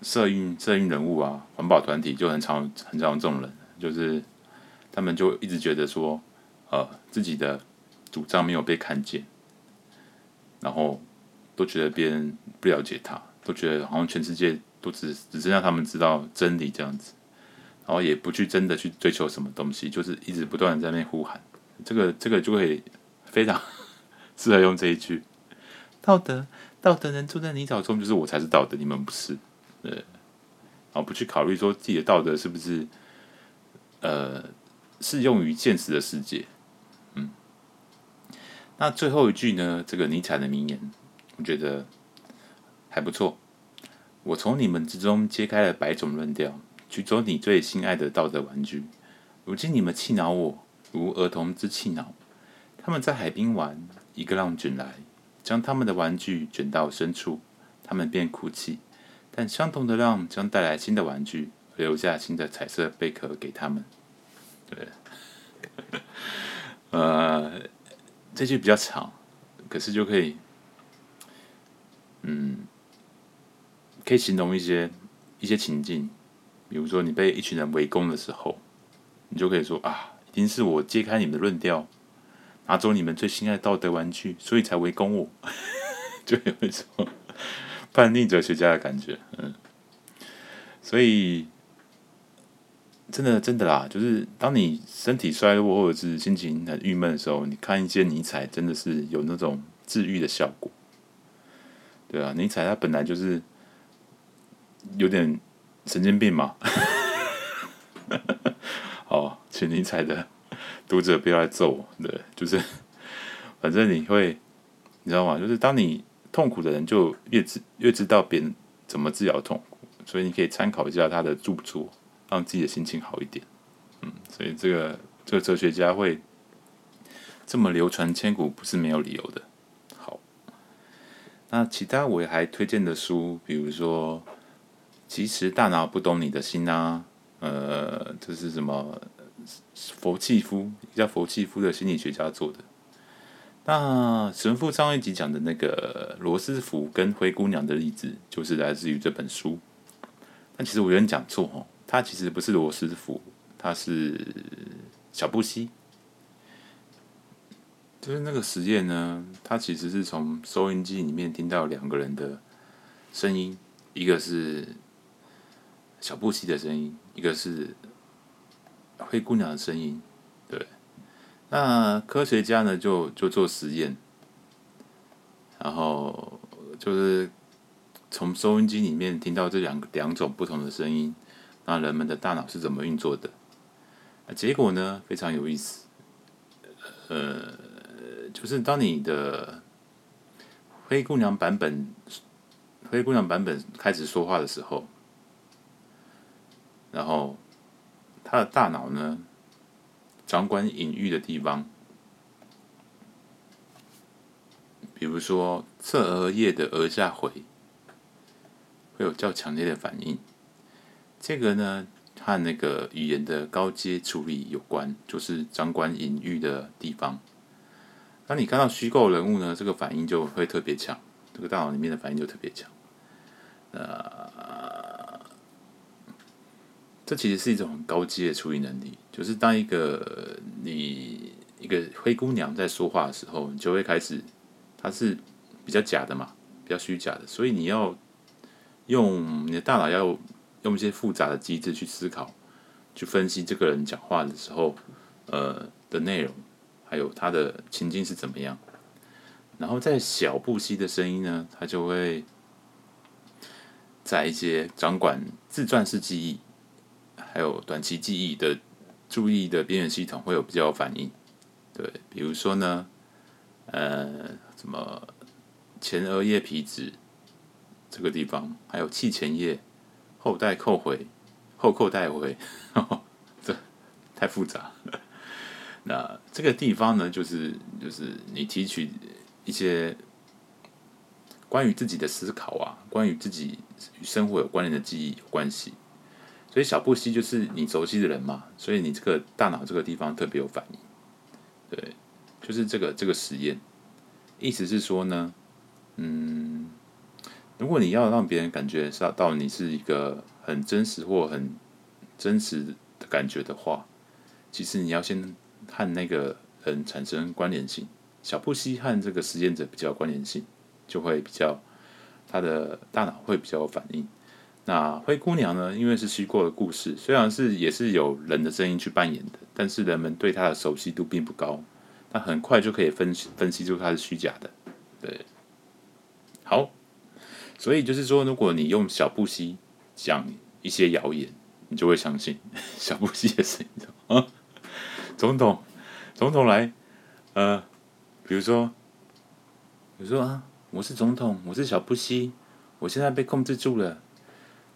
社運社運人物啊，環保團體就很常很常用這種人，就是。他們就一直覺得說，呃，自己的主張沒有被看見，然後都覺得別人不了解他，都覺得好像全世界都只只是讓他們知道真理這樣子，然後也不去真的去追求什麼東西，就是一直不斷的在那邊呼喊。這個這個就會非常呵呵適合用這一句：道德道德人住在泥沼中，就是我才是道德，你們不是。呃，然後不去考慮說自己的道德是不是，呃。適用於現實的世界，嗯。那最後一句呢？這個尼采的名言，我覺得還不錯。我從你們之中揭開了百種論調，取走你最心愛的道德玩具。如今你們氣惱我，如兒童之氣惱。他們在海濱玩，一個浪捲來，將他們的玩具捲到深處，他們便哭泣。但相同的浪將帶來新的玩具，留下新的彩色貝殼給他們。對， 呃，這句比較長，可是就可以，嗯，可以形容一些一些情境，比如說你被一群人圍攻的時候，你就可以說啊，一定是我揭開你們的論調，拿走你們最心愛的道德玩具，所以才圍攻我， 就有一種叛逆哲學家的感覺，嗯，所以。真的真的啦，就是當你身體衰弱或者是心情很鬱悶的時候，你看一些尼采，真的是有那種治癒的效果。對啊，尼采他本來就是有點神經病嘛。 好，請尼采的讀者不要來揍我，對，就是，反正你會你知道嗎？就是當你痛苦的人就越知越知道別人怎麼治療痛苦，所以你可以參考一下他的著作。讓自己的心情好一點，嗯，所以這個這個哲學家會這麼流傳千古，不是沒有理由的。好，那其他我也還推薦的書，比如說《其實大腦不懂你的心》啊，呃，這是什麼佛契夫，叫佛契夫的心理學家做的。那神父上一集講的那個羅斯福跟灰姑娘的例子，就是來自於這本書。但其實我有點講錯哦。他其實不是羅斯福，他是小布希。就是那個實驗呢，他其實是從收音機裡面聽到兩個人的聲音，一個是小布希的聲音，一個是灰姑娘的聲音。對，那科學家呢就就做實驗，然後就是從收音機裡面聽到這兩兩種不同的聲音。那人們的大腦是怎麼運作的？結果呢？非常有意思。呃，就是當你的《灰姑娘》版本《灰姑娘》版本開始說話的時候，然後他的大腦呢，掌管隱喻的地方，比如說側額葉的額下回，會有較強烈的反應。這個呢，和那個語言的高階處理有關，就是掌管隱喻的地方。當你看到虛構人物呢，這個反應就會特別強，這個大腦裡面的反應就特別強。呃，這其實是一種很高階的處理能力，就是當一個你一個灰姑娘在說話的時候，你就會開始，它是比較假的嘛，比較虛假的，所以你要用你的大腦要。用一些複雜的機制，去思考、去分析這個人講話的時候，呃的內容，還有他的情境是怎麼樣。然後在小布希的聲音呢，他就會在一些掌管自傳式記憶、還有短期記憶的注意的邊緣系統會有比較有反應。對，比如說呢，呃，什麼前額葉皮質這個地方，還有氣前葉。後代扣回，後扣帶回，呵呵這太複雜。那這個地方呢，就是就是你提取一些關於自己的思考啊，關於自己與生活有關聯的記憶有關係。所以小布希就是你熟悉的人嘛，所以你這個大腦這個地方特別有反應。對，就是這個這個實驗，意思是說呢，嗯。如果你要讓別人感覺到你是一個很真實或很真實的感覺的話，其實你要先和那個人產生關聯性。小布希和這個實驗者比較關聯性，就會比較，他的大腦會比較有反應。那灰姑娘呢？因為是虛構的故事，雖然是也是有人的聲音去扮演的，但是人們對他的熟悉度並不高，那很快就可以分析分析出她是虛假的。對，好。所以就是說，如果你用小布希講一些謠言，你就會相信小布希也是。總統，總統來，呃，比如說，比如說啊，我是總統，我是小布希，我現在被控制住了。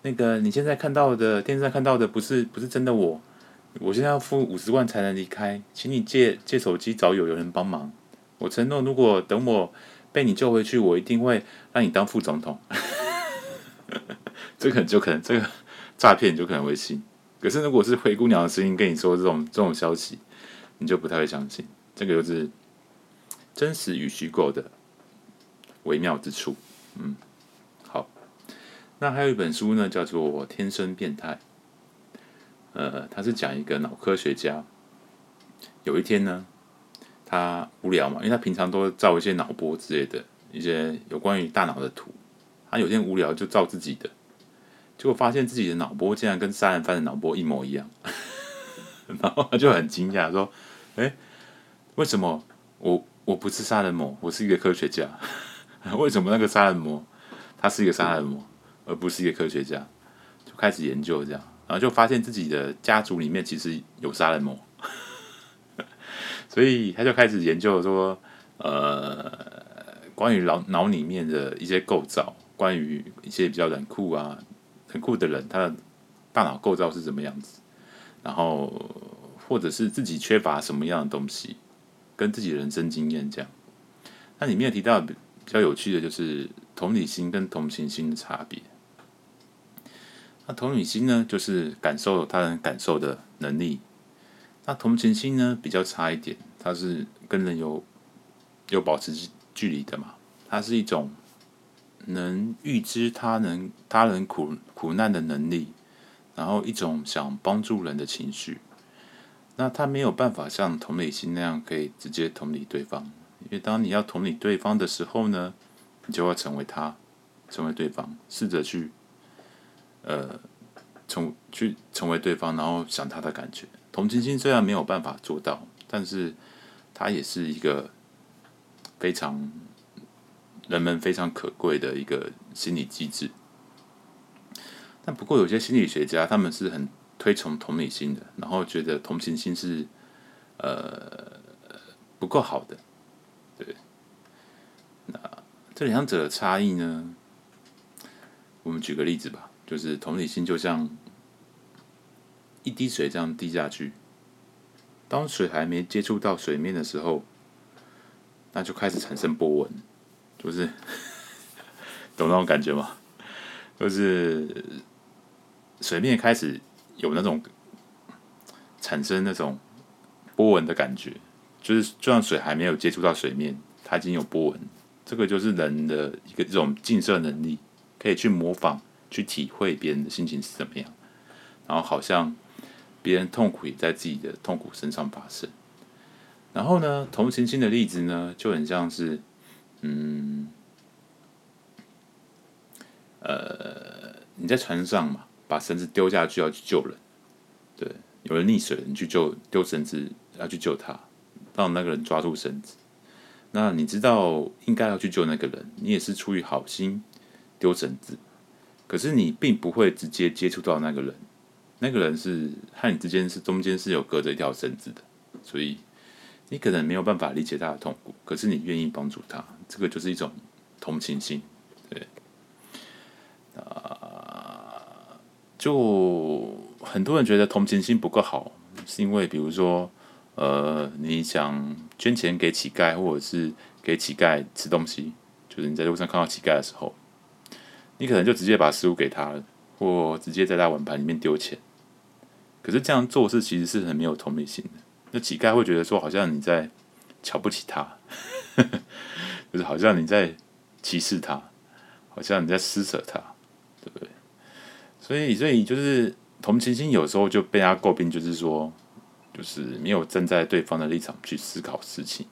那個你現在看到的電視上看到的不是不是真的我，我現在要付五十萬才能離開，請你借借手機找有有人幫忙。我承諾，如果等我。被你救回去，我一定會讓你當副總統。 這可能就可能這個詐騙你就可能會信，可是如果是灰姑娘的聲音跟你說這種這種消息，你就不太會相信。這個就是真實與虛構的微妙之處。嗯，好。那還有一本書呢，叫做《我天生變態》。呃，他是講一個腦科學家，有一天呢。他無聊嘛，因為他平常都照一些腦波之類的，一些有關於大腦的圖。他有些無聊就照自己的，結果發現自己的腦波竟然跟殺人犯的腦波一模一樣， 然後他就很驚訝說：“哎、欸，為什麼我我不是殺人魔，我是一個科學家？ 為什麼那個殺人魔他是一個殺人魔，而不是一個科學家？”就開始研究這樣，然後就發現自己的家族裡面其實有殺人魔。所以他就開始研究說，呃，關於腦腦裡面的一些構造，關於一些比較冷酷啊、很酷的人，他的大腦構造是怎麼樣子，然後或者是自己缺乏什麼樣的東西，跟自己人生經驗這樣。那裡面提到比較有趣的就是同理心跟同情心的差別。那同理心呢，就是感受他人感受的能力。那同情心呢，比較差一點，它是跟人有有保持距離的嘛。它是一種能預知他人他人苦苦難的能力，然後一種想幫助人的情緒。那他沒有辦法像同理心那樣可以直接同理對方，因為當你要同理對方的時候呢，你就要成為他，成為對方，試着去，呃，成，去成為對方，然後想他的感覺。同情心雖然沒有辦法做到，但是它也是一個非常人們非常可貴的一個心理機制。但不過有些心理學家他們是很推崇同理心的，然後覺得同情心是呃不夠好的，對。那這兩者的差異呢？我們舉個例子吧，就是同理心就像。一滴水這樣滴下去，當水還沒接觸到水面的時候，那就開始產生波紋，就是呵呵懂那種感覺嗎？就是水面開始有那種產生那種波紋的感覺，就是就像水還沒有接觸到水面，它已經有波紋。這個就是人的一個這種鏡射能力，可以去模仿、去體會別人的心情是怎麼樣，然後好像。別人痛苦也在自己的痛苦身上發生，然後呢，同情心的例子呢，就很像是，嗯，呃，你在船上嘛，把繩子丟下去要去救人，對，有人溺水，你去救，丟繩子要去救他，讓那個人抓住繩子。那你知道應該要去救那個人，你也是出於好心丟繩子，可是你並不會直接接觸到那個人。那個人是和你之間是中間是有隔着一條繩子的，所以你可能沒有辦法理解他的痛苦，可是你願意幫助他，這個就是一種同情心，對。啊，就很多人覺得同情心不夠好，是因為比如說，呃，你想捐錢給乞丐，或者是給乞丐吃東西，就是你在路上看到乞丐的時候，你可能就直接把食物給他了，或直接在他碗盤裡面丟錢。可是這樣做事其實是很沒有同理心的。那乞丐會覺得說，好像你在瞧不起他，呵呵，就是好像你在歧視他，好像你在施舍他，對不對？所以，所以就是同情心有時候就被他詬病，就是說，就是沒有站在對方的立場去思考事情。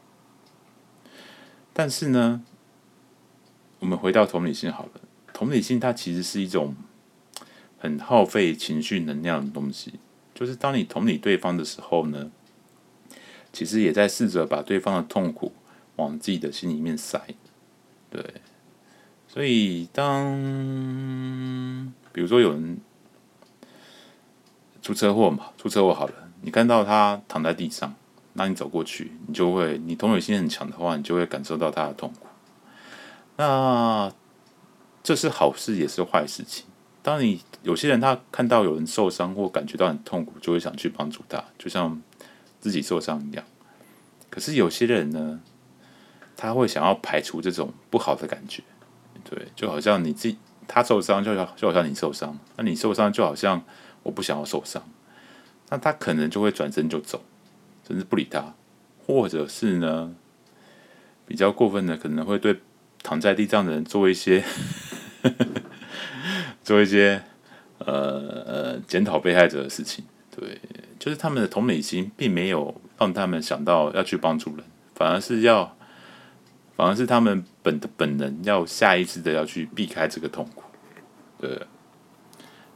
但是呢，我們回到同理心好了，同理心它其實是一種很耗費情緒能量的東西。就是當你同理對方的時候呢，其實也在試着把對方的痛苦往自己的心裡面塞。對，所以當比如說有人出車禍嘛，出車禍好了，你看到他躺在地上，那你走過去，你就會，你同理心很強的話，你就會感受到他的痛苦。那這是好事，也是壞事情。當你有些人他看到有人受傷或感覺到很痛苦，就會想去幫助他，就像自己受傷一樣。可是有些人呢，他會想要排除這種不好的感覺，對，就好像你自己他受傷就好，就就好像你受傷，那你受傷就好像我不想要受傷，那他可能就會轉身就走，甚至不理他，或者是呢比較過分的，可能會對躺在地上的人做一些。 做一些呃呃檢討被害者的事情，對，就是他們的同理心並沒有讓他們想到要去幫助人，反而是要，反而是他們本的本能要下意識的要去避開這個痛苦，對，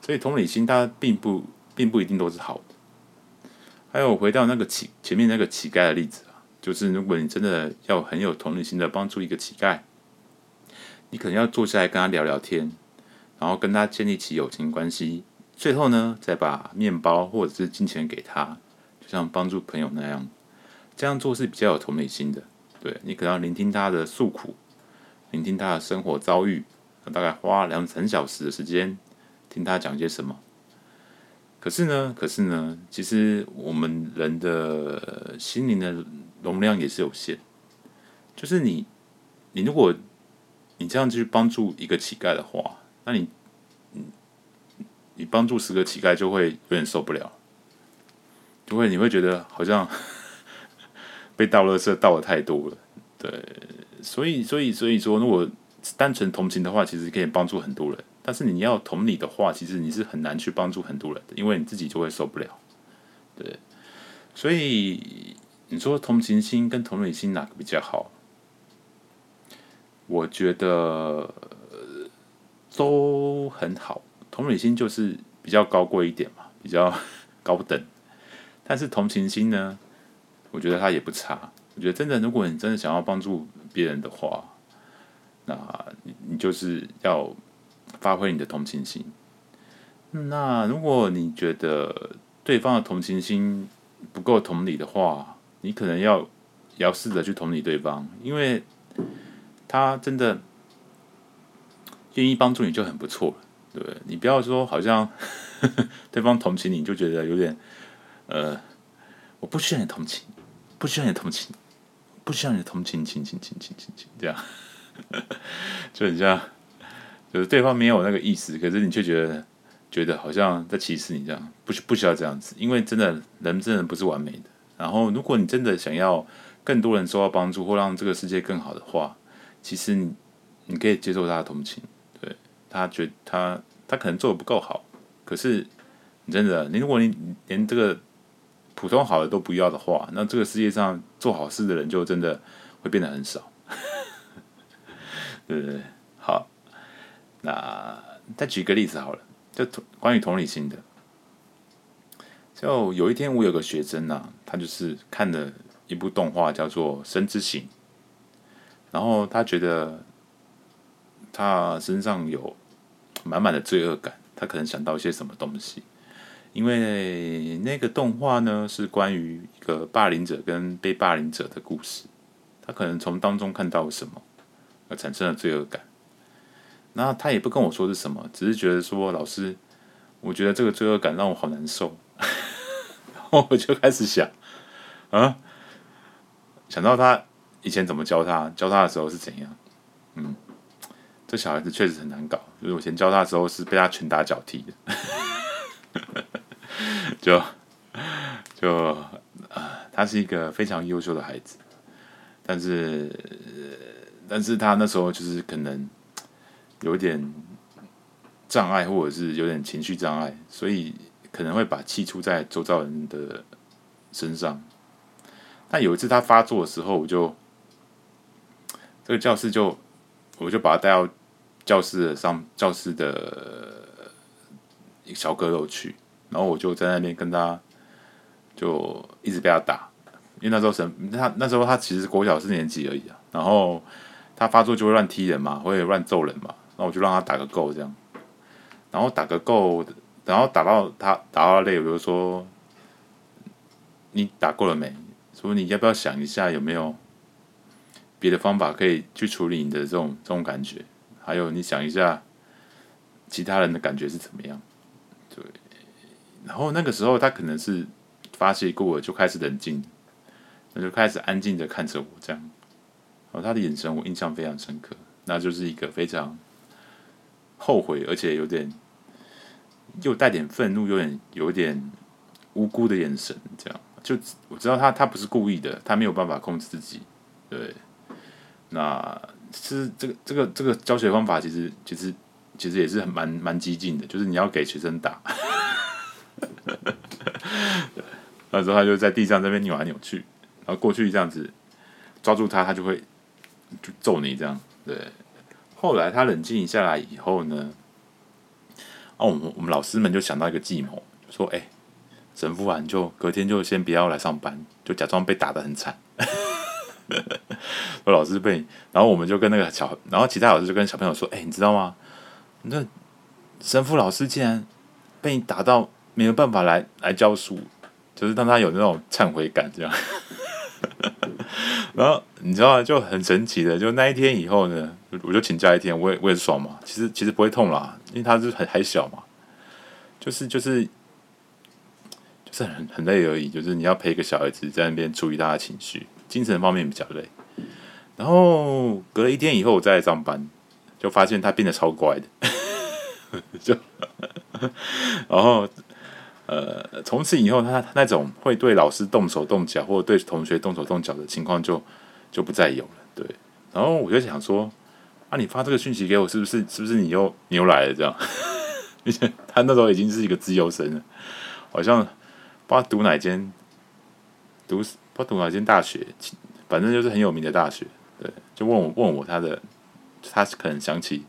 所以同理心它並不並不一定都是好的。還有回到那個乞前面那個乞丐的例子啊，就是如果你真的要很有同理心的幫助一個乞丐，你可能要坐下來跟他聊聊天。然後跟他建立起友情關係，最後呢，再把麵包或者是金錢給他，就像幫助朋友那樣。這樣做是比較有同理心的。對，你可能要聆聽他的訴苦，聆聽他的生活遭遇，大概花兩、三小時的時間聽他講些什麼。可是呢，可是呢，其實我們人的、呃、心靈的容量也是有限。就是你，你如果你這樣去幫助一個乞丐的話，那你，你幫助十個乞丐就會有點受不了，就會你會覺得好像被倒垃圾倒的太多了，對，所以所以所以說，如果單純同情的話，其實可以幫助很多人，但是你要同理的話，其實你是很難去幫助很多人的，因為你自己就會受不了，對，所以你說同情心跟同理心哪個比較好？我覺得。都很好，同理心就是比較高貴一點嘛，比較高等。但是同情心呢，我覺得他也不差。我覺得真的，如果你真的想要幫助別人的話，那你，你就是要發揮你的同情心。那如果你覺得對方的同情心不夠同理的話，你可能要要試着去同理對方，因為他真的。願意幫助你就很不錯了，對不對？你不要說好像 對方同情你就覺得有點呃，我不需要你同情，不需要你同情，不需要你同情，情情情情情情這樣， 就很像就是對方沒有那個意思，可是你卻覺得覺得好像在歧視你這樣，不需不需要這樣子，因為真的人真的不是完美的。然後，如果你真的想要更多人受到幫助或讓這個世界更好的話，其實你可以接受他的同情。他覺他他可能做得不夠好，可是真的，你如果你連這個普通好的都不要的話，那這個世界上做好事的人就真的會變得很少， 對不對，對？好，那再舉個例子好了，就同關於同理心的。就有一天我有個學生啊，他就是看了一部動畫叫做《神之醒》，然後他覺得他身上有。滿滿的罪惡感，他可能想到一些什麼東西，因為那個動畫呢是關於一個霸凌者跟被霸凌者的故事，他可能從當中看到了什麼而產生了罪惡感。那他也不跟我說是什麼，只是覺得說，老師，我覺得這個罪惡感讓我好難受， 然後我就開始想，啊，想到他以前怎麼教他，教他的時候是怎樣，嗯。這小孩子確實很難搞，因為我以前教他的時候是被他拳打腳踢的， 就就啊、呃，他是一個非常優秀的孩子，但是、呃、但是他那時候就是可能有點障礙，或者是有點情緒障礙，所以可能會把氣出在周遭人的身上。那有一次他發作的時候，我就這個教室就。我就把他帶到教室的上教室的一個小閣樓去，然後我就在那邊跟他，就一直被他打，因為那時候什他那時候他其實國小四年級而已啊，然後他發作就會亂踢人嘛，會亂揍人嘛，那我就讓他打個夠這樣，然後打個夠，然後打到他打到累，我就說，你打夠了沒？所以你要不要想一下有沒有？別的方法可以去處理你的這種這種感覺，還有你想一下，其他人的感覺是怎麼樣？對。然後那個時候他可能是發洩過了，就開始冷靜，那就開始安靜的看着我，這樣。然後，他的眼神我印象非常深刻，那就是一個非常後悔，而且有點又帶點憤怒，有點有點無辜的眼神，這樣。就我知道他他不是故意的，他沒有辦法控制自己，對。那是這個這個這個教學方法其、其實其實其實也是很蠻蠻激進的，就是你要給學生打，然 後他就在地上這邊扭來、啊、扭去，然後過去這樣子抓住他，他就會就揍你這樣。對，後來他冷靜下來以後呢，哦、啊，我們我們老師們就想到一個計謀，說，哎、欸，神父啊，你就隔天就先不要來上班，就假裝被打得很慘。 我老師被，然後我們就跟那個小，然後其他老師就跟小朋友說：“哎、欸，你知道嗎？那神父老師竟然被你打到沒有辦法來來教書，就是讓他有那種懺悔感這樣。 ”然後你知道嗎，就很神奇的，就那一天以後呢，我就請假一天，我也我也是爽嘛。其實其實不會痛啦，因為他是很還小嘛，就是就是就是很很累而已，就是你要陪一個小孩子在那邊注意他的情緒。精神方面比較累，然後隔了一天以後，我再來上班，就發現他變得超乖的， 就，然後，呃，從此以後，他那種會對老師動手動腳，或者對同學動手動腳的情況就就不再有了，對。然後我就想說，啊，你發這個訊息給我，是不是，是不是你又你又來了這樣？而且他那時候已經是一個資優生了，好像不知道讀哪間。讀不讀哪間大學？反正就是很有名的大學。對，就問我問我他的，他可能想起，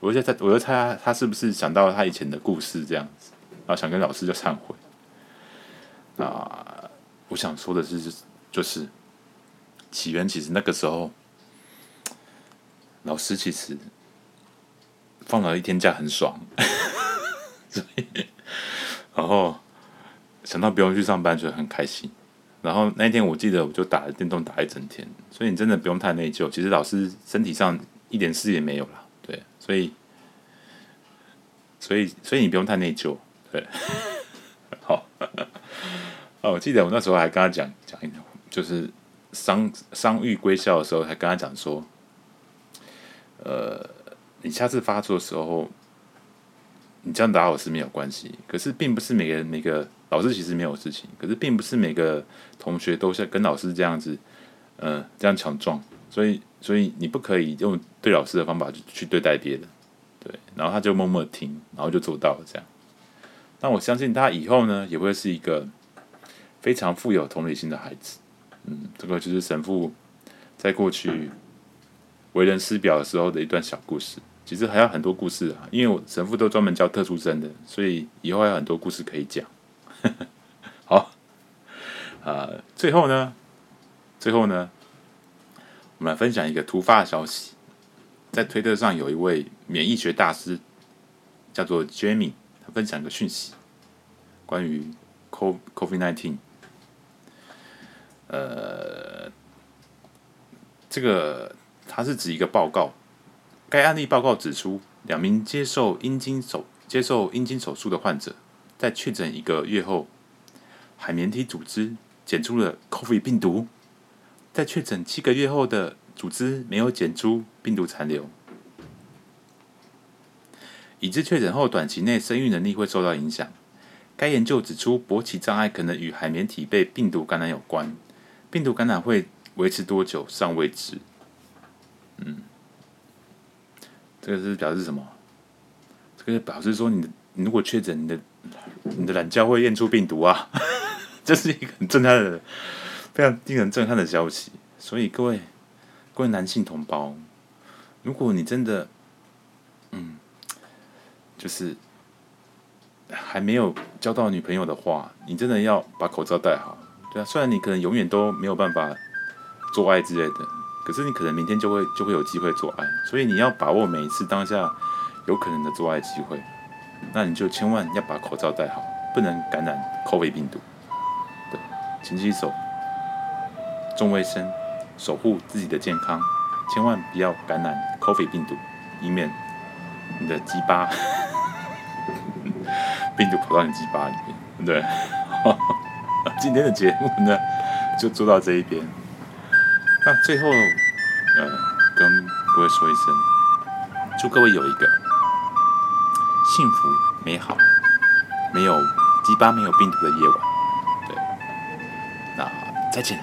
我就在，我就猜他，他是不是想到他以前的故事這樣子，然後想跟老師就懺悔。啊，我想說的是，就是起源，其實那個時候，老師其實放了一天假，很爽， 所以然後想到不用去上班，覺得很開心。然後那一天，我記得我就打了電動，打了一整天，所以你真的不用太內疚。其實老師身體上一點事也沒有啦，對，所以所以所以你不用太內疚，對。 好，哦， 我記得我那時候還跟他講講，一就是傷傷癒歸校的時候，還跟他講說，呃，你下次發作的時候。你這樣打我是沒有關係，可是並不是每個人每個老師其實沒有事情，可是並不是每個同學都像跟老師這樣子，嗯、呃，這樣強壯，所以所以你不可以用對老師的方法去，去對待別人，對，然後他就默默聽，然後就做到了這樣。那我相信他以後呢，也會是一個非常富有同理心的孩子。嗯，這個就是神父在過去為人師表的時候的一段小故事。其實還有很多故事啊，因為我神父都專門教特殊生的，所以以後還有很多故事可以講。 好，啊、呃，最後呢，最後呢，我們來分享一個突發的消息，在推特上有一位免疫學大師叫做 Jamie，他分享一個訊息，關於 Co COVID 19，呃，這個它是指一個報告。該案例報告指出，兩名接受陰莖手接受陰莖手術的患者，在確診一個月後，海綿體組織檢出了 COVID 病毒；在確診七個月後的組織沒有檢出病毒殘留。已知確診後短期內生育能力會受到影響。該研究指出，勃起障礙可能與海綿體被病毒感染有關。病毒感染會維持多久，尚未知。嗯。這個是表示什麼？這個表示說你，你的，你如果確診，你的你的懶覺會驗出病毒啊，呵呵，這是一個很震撼的、非常令人震撼的消息。所以各位，各位男性同胞，如果你真的，嗯，就是還沒有交到女朋友的話，你真的要把口罩戴好。對啊，雖然你可能永遠都沒有辦法做愛之類的。可是你可能明天就會就會有機會做愛，所以你要把握每一次當下有可能的做愛機會。那你就千萬要把口罩戴好，不能感染 COVID 病毒。對，勤洗手，重衛生，守護自己的健康，千萬不要感染 COVID 病毒，以免你的雞巴 病毒跑到你雞巴裡面。對， 今天的節目呢，就做到這一邊。那、啊、最後，呃，跟各位說一聲，祝各位有一個幸福、美好、沒有雞巴、沒有病毒的夜晚。對，那再見。